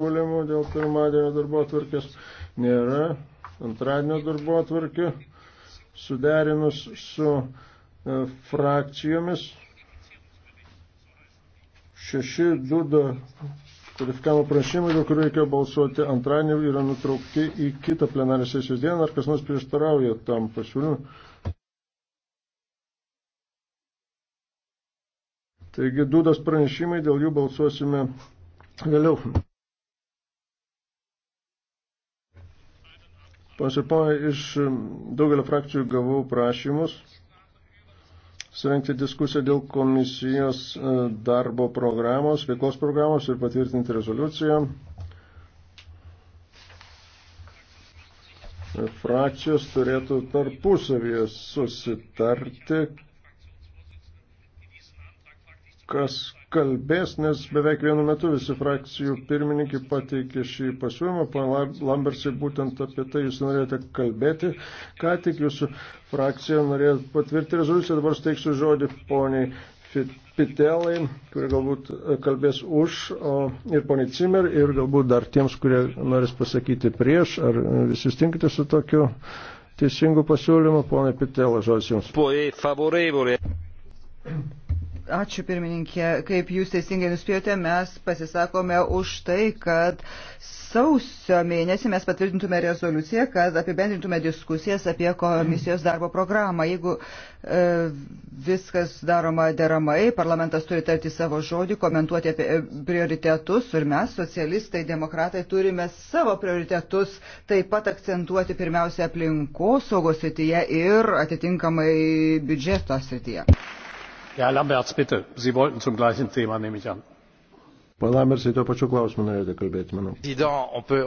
pasiūlymų dėl pirmadienio darbo atvarkės nėra. Antradienio darbo atvarkė suderinus su e, frakcijomis 6-2 kvalifikavimo prašymai, dėl kurių reikėjo balsuoti antradienį, yra nutraukti į kitą plenarį sesijos dieną. Ar kas nors prieštarauja tam pasiūlymui? Taigi, dūdos pranešimai, dėl jų balsuosime vėliau Panas ir ponai, iš daugelio frakcijų gavau prašymus surengti diskusiją dėl komisijos e, darbo programos, veiklos programos ir patvirtinti rezoliuciją. E, frakcijos turėtų tarpusavyje susitarti, kas kalbės, nes beveik vienu metu visi frakcijų pirmininkai pateikė šį pasiūlymą. Pana Lambersai, būtent apie tai jūs norėjote kalbėti. Ką tik jūsų frakcija norėjo patvirtinti rezoliuciją, dabar steiksiu žodį poniai Pitelai, kurie galbūt e, kalbės už, o, ir poniai Cimer, ir galbūt dar tiems, kurie norės pasakyti prieš, ar e, visi stinkite su tokiu teisingu pasiūlymu, ponai Pitelai, žodis jums. Ačiū pirmininkė. Kaip jūs teisingai nuspėjote, mes pasisakome už tai, kad sausio mėnesį mes patvirtintume rezoliuciją, kad apibendrintume diskusijas apie komisijos darbo programą. Jeigu e, viskas daroma deramai, parlamentas turi tarti savo žodį, komentuoti apie e, prioritetus ir mes, socialistai, demokratai, turime savo prioritetus taip pat akcentuoti pirmiausia aplinkosaugos srityje ir atitinkamai biudžeto srityje herr lamberts bitte sie wollten zum gleichen thema nehme ich an. Pane Lamersai, tuo pačiu klausimu norėjote kalbėti, manau. Euh.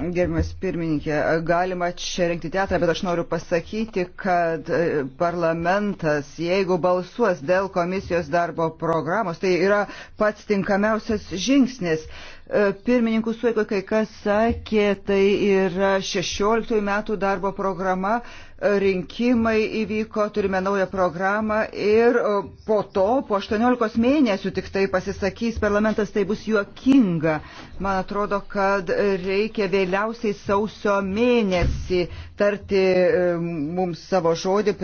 Gerbiamas pirmininkė, galima čia rengti teatrą, bet aš noriu pasakyti, kad e, parlamentas, jeigu balsuos dėl komisijos darbo programos, tai yra pats tinkamiausias žingsnis. E, pirmininkų suėgo, kai kas sakė, tai yra 16 metų darbo programa, e, rinkimai įvyko, turime naują programą ir e, po to, po 18 mėnesių tik tai pasisakys parlamentas, tai bus juokinga. Man atrodo, kad reikia vėliausiai sausio mėnesį tarti mums savo žodį,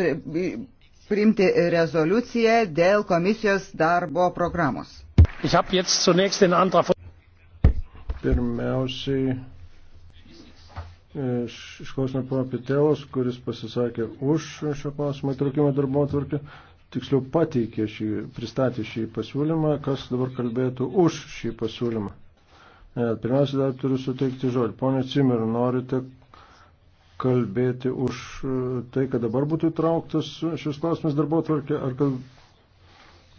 priimti rezoliuciją dėl komisijos darbo programos. Ich habe jetzt zunächst den Antrag Pirmiausiai e, išklausime pono Pitelos, kuris pasisakė už šio klausimo įtraukimą darbo atvarkę, tiksliau pateikė šį, pristatė šį pasiūlymą, kas dabar kalbėtų už šį pasiūlymą. E, pirmiausia, dar turiu suteikti žodį. Pone Cimer, norite kalbėti už e, tai, kad dabar būtų įtrauktas šis klausimas darbo atvarkė, ar kad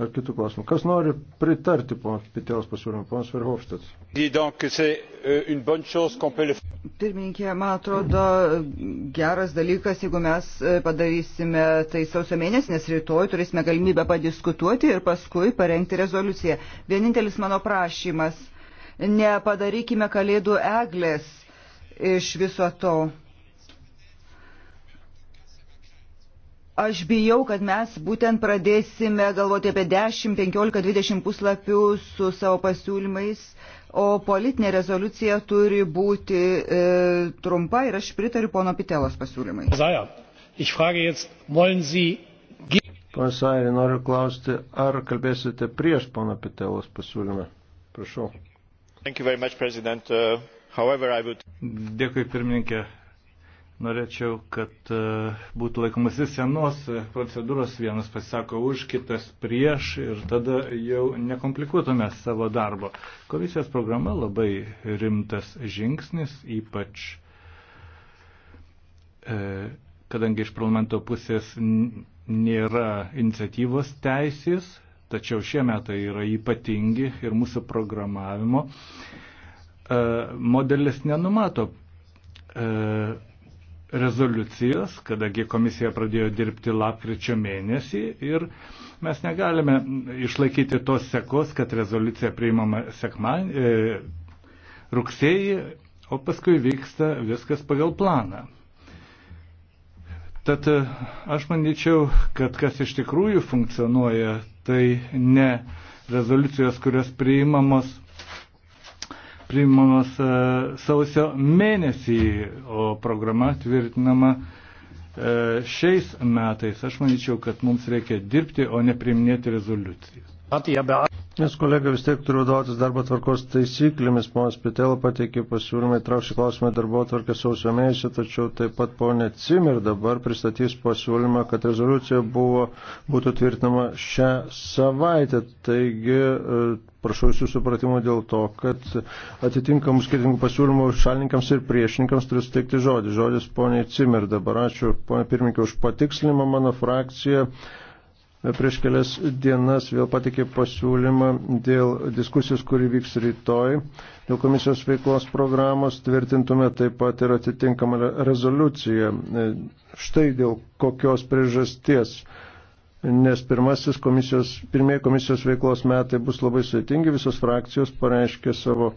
ar kitų klausimų. Kas nori pritarti ponas Pitėlas pasiūlymui, ponas Verhofštas? Pirmininkė, man atrodo, geras dalykas, jeigu mes e, padarysime tai sausio mėnesį, nes rytoj turėsime galimybę padiskutuoti ir paskui parengti rezoliuciją. Vienintelis mano prašymas, nepadarykime kalėdų eglės iš viso to Aš bijau, kad mes būtent pradėsime galvoti apie 10, 15, 20 puslapių su savo pasiūlymais, o politinė rezoliucija turi būti e, trumpa ir aš pritariu pono Pitelos pasiūlymai. Pasairį noriu klausti, ar kalbėsite prieš pono Pitelos pasiūlymą. Prašau. Much, uh, would... Dėkui pirmininkė. Norėčiau, kad e, būtų laikomasi senos procedūros, vienas pasisako už, kitas prieš ir tada jau nekomplikuotume savo darbo. Komisijos programa labai rimtas žingsnis, ypač e, kadangi iš parlamento pusės nėra iniciatyvos teisės, tačiau šie metai yra ypatingi ir mūsų programavimo e, modelis nenumato rezoliucijos, kadangi komisija pradėjo dirbti lapkričio mėnesį ir mes negalime išlaikyti tos sekos, kad rezoliucija priimama sekman, e, rugsėjį, o paskui vyksta viskas pagal planą. Tad e, aš manyčiau, kad kas iš tikrųjų funkcionuoja, tai ne rezoliucijos, kurios priimamos priimamas e, sausio mėnesį, o programa tvirtinama e, šiais metais. Aš manyčiau, kad mums reikia dirbti, o ne priiminėti rezoliucijas. Nes kolega vis tiek turiu dautis darbo tvarkos taisyklėmis, ponas Pitela pateikė pasiūlymą įtraukti klausimą darbo tvarkę sausio mėnesį, tačiau taip pat ponė Cimir dabar pristatys pasiūlymą, kad rezoliucija buvo, būtų tvirtinama šią savaitę. Taigi e, prašau jūsų supratimo dėl to, kad atitinkamų skirtingų pasiūlymų šalininkams ir priešininkams turiu suteikti žodį. Žodis ponė Cimir dabar. Ačiū ponė pirmininkė už patikslinimą mano frakciją prieš kelias dienas vėl patikė pasiūlymą dėl diskusijos, kuri vyks rytoj, dėl komisijos veiklos programos, tvirtintume taip pat ir atitinkamą rezoliuciją. Štai dėl kokios priežasties. Nes pirmasis komisijos, pirmieji komisijos veiklos metai bus labai sveitingi, visos frakcijos pareiškė savo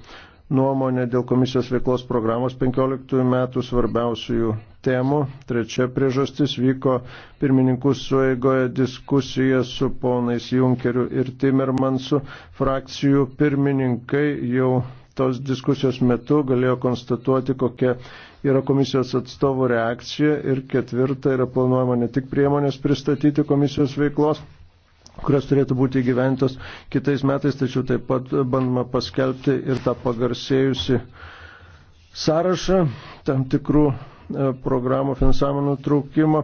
nuomonę dėl komisijos veiklos programos 15 metų svarbiausių sistemų. Trečia priežastis vyko pirmininkų suėgoje diskusija su ponais Junkeriu ir Timermansu. Frakcijų pirmininkai jau tos diskusijos metu galėjo konstatuoti, kokia yra komisijos atstovų reakcija. Ir ketvirta yra planuojama ne tik priemonės pristatyti komisijos veiklos kurios turėtų būti gyventos kitais metais, tačiau taip pat bandoma paskelbti ir tą pagarsėjusi sąrašą tam tikrų E, programų finansavimo nutraukimo.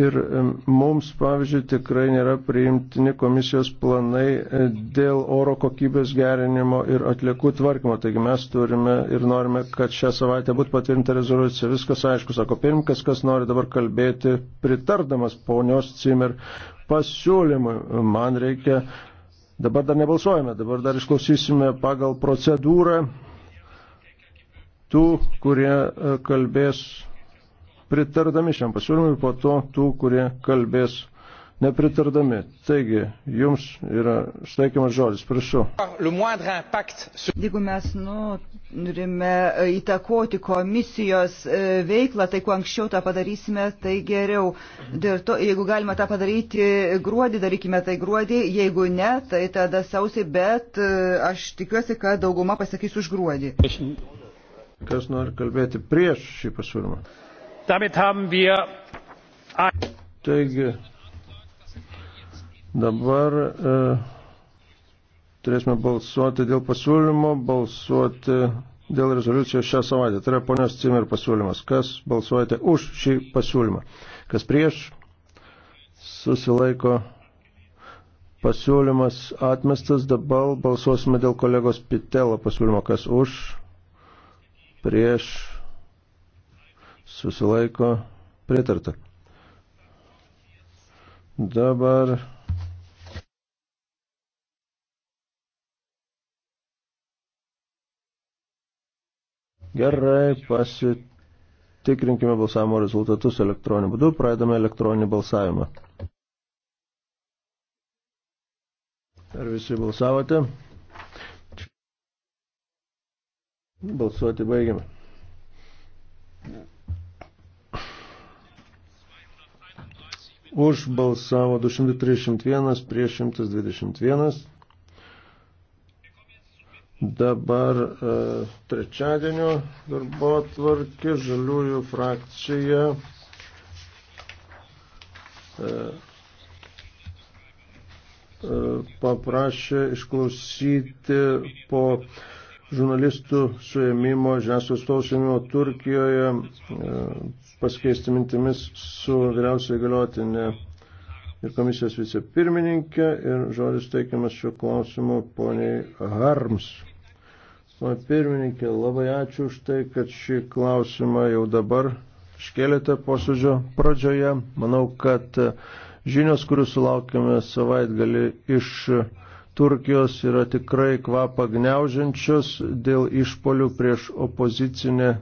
Ir e, mums, pavyzdžiui, tikrai nėra priimtini komisijos planai e, dėl oro kokybės gerinimo ir atliekų tvarkymo. Taigi mes turime ir norime, kad šią savaitę būtų patvirtinta rezoliucija. Viskas aišku, sako pirmkas, kas nori dabar kalbėti, pritardamas ponios Cimer pasiūlymui. Man reikia, dabar dar nebalsuojame, dabar dar išklausysime pagal procedūrą tų, kurie e, kalbės pritardami šiam pasiūlymui, po to tų, kurie kalbės nepritardami. Taigi, jums yra steikiamas žodis, prašau. Jeigu mes nu, norime nu, įtakoti komisijos e, veiklą, tai kuo anksčiau tą padarysime, tai geriau. Dėl to, jeigu galima tą padaryti gruodį, darykime tai gruodį, jeigu ne, tai tada sausiai, bet aš tikiuosi, kad dauguma pasakys už gruodį. Kas nori kalbėti prieš šį pasiūlymą? Taigi, dabar e, turėsime balsuoti dėl pasiūlymo, balsuoti dėl rezoliucijos šią savaitę. Tai yra ponios Cimer pasiūlymas. Kas balsuojate už šį pasiūlymą? Kas prieš? Susilaiko pasiūlymas atmestas. Dabar balsuosime dėl kolegos Pitelo pasiūlymo. Kas už? prieš susilaiko pritarta. Dabar Gerai, pasitikrinkime balsavimo rezultatus elektroniniu būdu, pradame elektroninį balsavimą. Ar visi balsavote? Balsuoti baigiame. Už balsavo 231 prieš 121. Dabar e, trečiadienio darbo tvarkė žaliųjų frakcija. E, e, paprašė išklausyti po žurnalistų suėmimo, žiniasklaidos atstovų suėmimo Turkijoje e, paskeisti mintimis su vyriausiai galiotinė ir komisijos vicepirmininkė ir žodis teikiamas šiuo klausimu poniai Harms. Pana pirmininkė, labai ačiū už tai, kad šį klausimą jau dabar iškėlėte posėdžio pradžioje. Manau, kad žinios, kurių sulaukėme savaitgalį iš Turkijos yra tikrai kvapą gniaužiančios dėl išpolių prieš opozicinę e,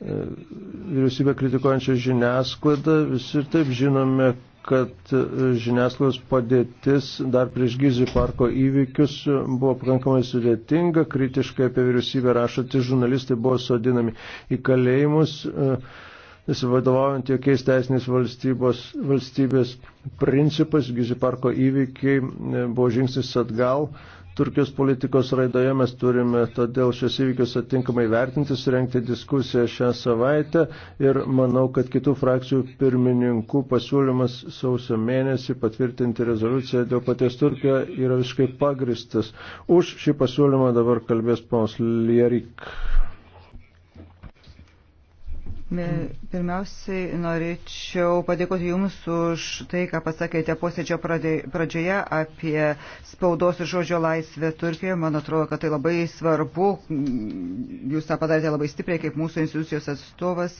vyriausybę kritikuojančią žiniasklaidą. Visi ir taip žinome, kad e, žiniasklaidos padėtis dar prieš Gizi parko įvykius buvo pakankamai sudėtinga. Kritiškai apie vyriausybę rašantys žurnalistai buvo sodinami į kalėjimus. Uh, nesivadovaujant jokiais teisinės valstybės, valstybės principais, Gizi parko įvykiai e, buvo žingsnis atgal. Turkijos politikos raidoje mes turime todėl šios įvykius atinkamai vertinti, surenkti diskusiją šią savaitę ir manau, kad kitų frakcijų pirmininkų pasiūlymas sausio mėnesį patvirtinti rezoliuciją dėl paties Turkijo yra visiškai pagristas. Už šį pasiūlymą dabar kalbės ponas Lierik. Pirmiausiai norėčiau padėkoti Jums už tai, ką pasakėte posėdžio pradžioje apie spaudos ir žodžio laisvę Turkijoje. Man atrodo, kad tai labai svarbu. Jūs tą padarėte labai stipriai kaip mūsų institucijos atstovas.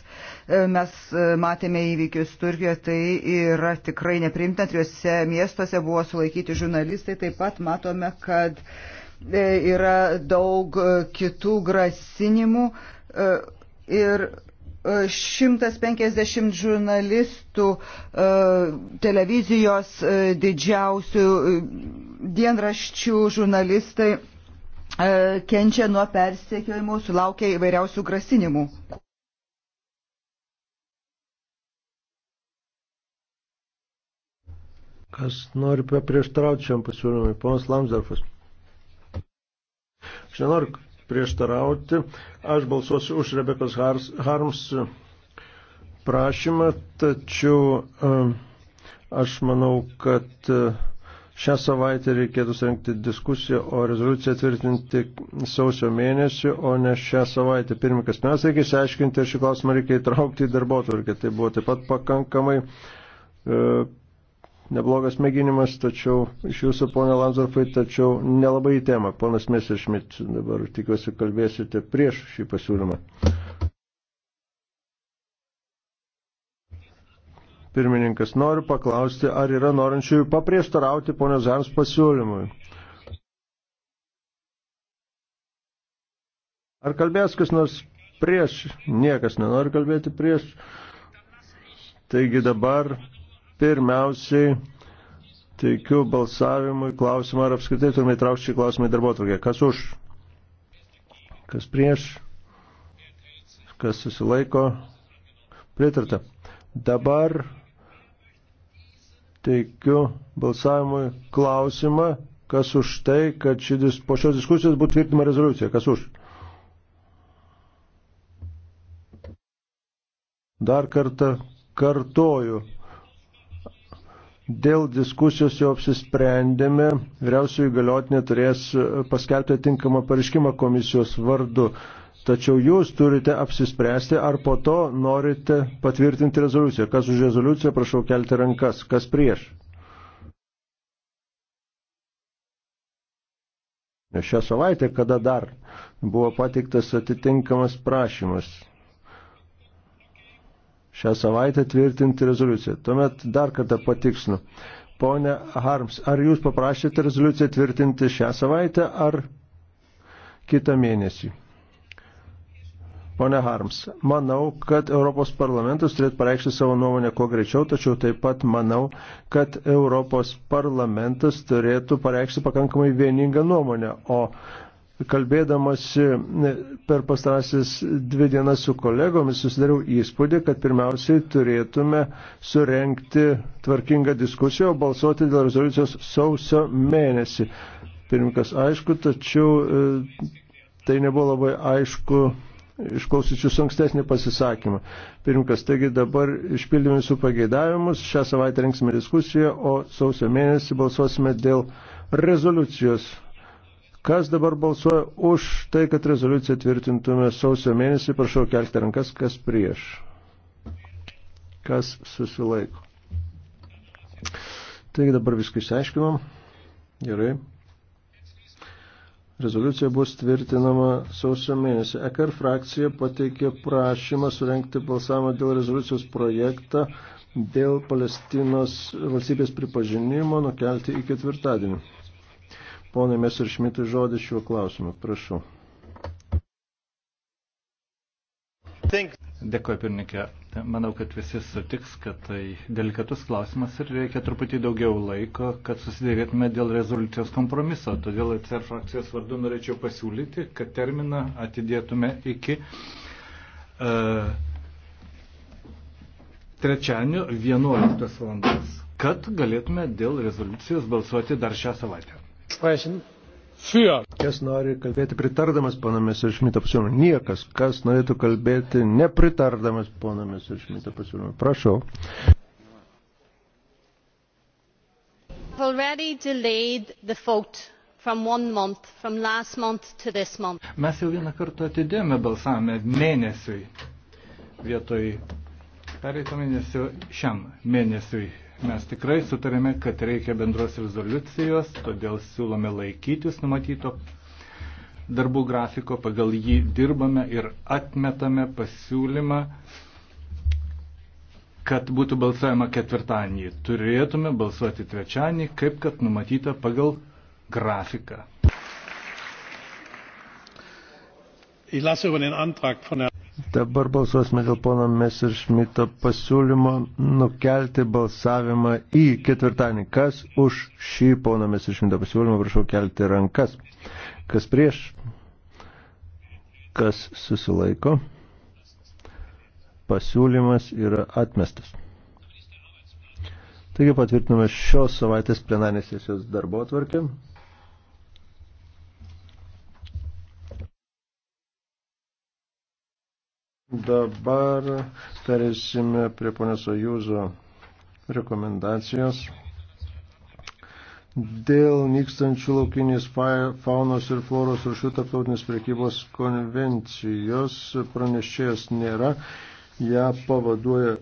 E, mes e, matėme įvykius Turkijoje. Tai yra tikrai neprimta. Trijose miestuose buvo sulaikyti žurnalistai. Taip pat matome, kad e, yra daug kitų grasinimų. Ir 150 žurnalistų e, televizijos e, didžiausių e, dienraščių žurnalistai kenčia nuo persekiojimų, sulaukia įvairiausių grasinimų. Kas nori paprieštarauti šiam pasiūlymui? Ponas Lamsdorfas. Aš nenoriu prieštarauti. Aš balsuosiu už Rebekos Harms prašymą, tačiau e, aš manau, kad e, šią savaitę reikėtų surinkti diskusiją, o rezoliuciją tvirtinti sausio mėnesį, o ne šią savaitę. Pirmininkas, mes reikia išsiaiškinti, ar šį klausimą reikia įtraukti į darbo tvarkę. Tai buvo taip pat pakankamai e, neblogas mėginimas, tačiau iš jūsų, ponė Lanzorfai, tačiau nelabai į temą. Ponas Mesešmit, dabar tikiuosi kalbėsite prieš šį pasiūlymą. Pirmininkas, noriu paklausti, ar yra norinčiųjų paprieštarauti ponio Zans pasiūlymui. Ar kalbės kas nors prieš? Niekas nenori kalbėti prieš. Taigi dabar Pirmiausiai teikiu balsavimui klausimą, ar apskritai turime įtraukti šį klausimą į darbo atvarkę. Kas už? Kas prieš? Kas susilaiko? Pritarta. Dabar teikiu balsavimui klausimą, kas už tai, kad ši, po šios diskusijos būtų tvirtinama rezoliucija. Kas už? Dar kartą kartoju, Dėl diskusijos jau apsisprendėme, vyriausiųjų galiotinė turės paskelbti tinkamą pareiškimą komisijos vardu. Tačiau jūs turite apsispręsti, ar po to norite patvirtinti rezoliuciją. Kas už rezoliuciją, prašau kelti rankas. Kas prieš? Šią savaitę, kada dar buvo pateiktas atitinkamas prašymas šią savaitę tvirtinti rezoliuciją. Tuomet dar kartą patiksnu. Pone Harms, ar jūs paprašėte rezoliuciją tvirtinti šią savaitę ar kitą mėnesį? Pone Harms, manau, kad Europos parlamentas turėtų pareikšti savo nuomonę kuo greičiau, tačiau taip pat manau, kad Europos parlamentas turėtų pareikšti pakankamai vieningą nuomonę, o kalbėdamasi per pastarasis dvi dienas su kolegomis susidariau įspūdį, kad pirmiausiai turėtume surenkti tvarkingą diskusiją, o balsuoti dėl rezoliucijos sausio mėnesį. Pirmininkas aišku, tačiau e, tai nebuvo labai aišku išklausyčius ankstesnį pasisakymą. Pirmkas, taigi dabar išpildėme visų pageidavimus, šią savaitę rinksime diskusiją, o sausio mėnesį balsuosime dėl rezoliucijos Kas dabar balsuoja už tai, kad rezoliuciją tvirtintume sausio mėnesį, prašau kelti rankas, kas prieš. Kas susilaiko. Taigi dabar viską išsiaiškinom. Gerai. Rezoliucija bus tvirtinama sausio mėnesį. EKR frakcija pateikė prašymą surenkti balsavimą dėl rezoliucijos projektą dėl Palestinos valstybės pripažinimo nukelti į ketvirtadienį. Ponai Mesiršmitui žodis šiuo klausimu. Prašau. Dėkuoju, pirmininkė. Manau, kad visi sutiks, kad tai delikatus klausimas ir reikia truputį daugiau laiko, kad susidėvėtume dėl rezoliucijos kompromiso. Todėl ECR frakcijos vardu norėčiau pasiūlyti, kad terminą atidėtume iki uh, trečiadienio 11 valandos, kad galėtume dėl rezoliucijos balsuoti dar šią savaitę. Sprechen. Für. Kas nori kalbėti pritardamas ponamis ir šmito pasiūlymui? Niekas. Kas norėtų kalbėti nepritardamas ponamis ir šmito pasiūlymui? Prašau. already delayed the vote from one month, from last month to this month. Mes jau vieną kartą atidėjome balsavimą mėnesiui vietoj pereito mėnesio šiam mėnesiui. Mes tikrai sutarėme, kad reikia bendros rezoliucijos, todėl siūlome laikytis numatyto darbų grafiko, pagal jį dirbame ir atmetame pasiūlymą, kad būtų balsuojama ketvirtadienį. Turėtume balsuoti trečiadienį, kaip kad numatyta pagal grafiką. Ich lasse über den Antrag von Herrn Dabar balsuosime dėl pono Messerschmitto pasiūlymo nukelti balsavimą į ketvirtadienį. Kas už šį pono Messerschmitto pasiūlymą, prašau kelti rankas. Kas prieš? Kas susilaiko? Pasiūlymas yra atmestas. Taigi patvirtiname šios savaitės plenarinės sesijos darbo atvarkė. Dabar perėsime prie ponės Ajūzo rekomendacijos. Dėl nykstančių laukinės faunos ir floros rušių tarptautinės prekybos konvencijos pranešėjas nėra, ją pavaduoja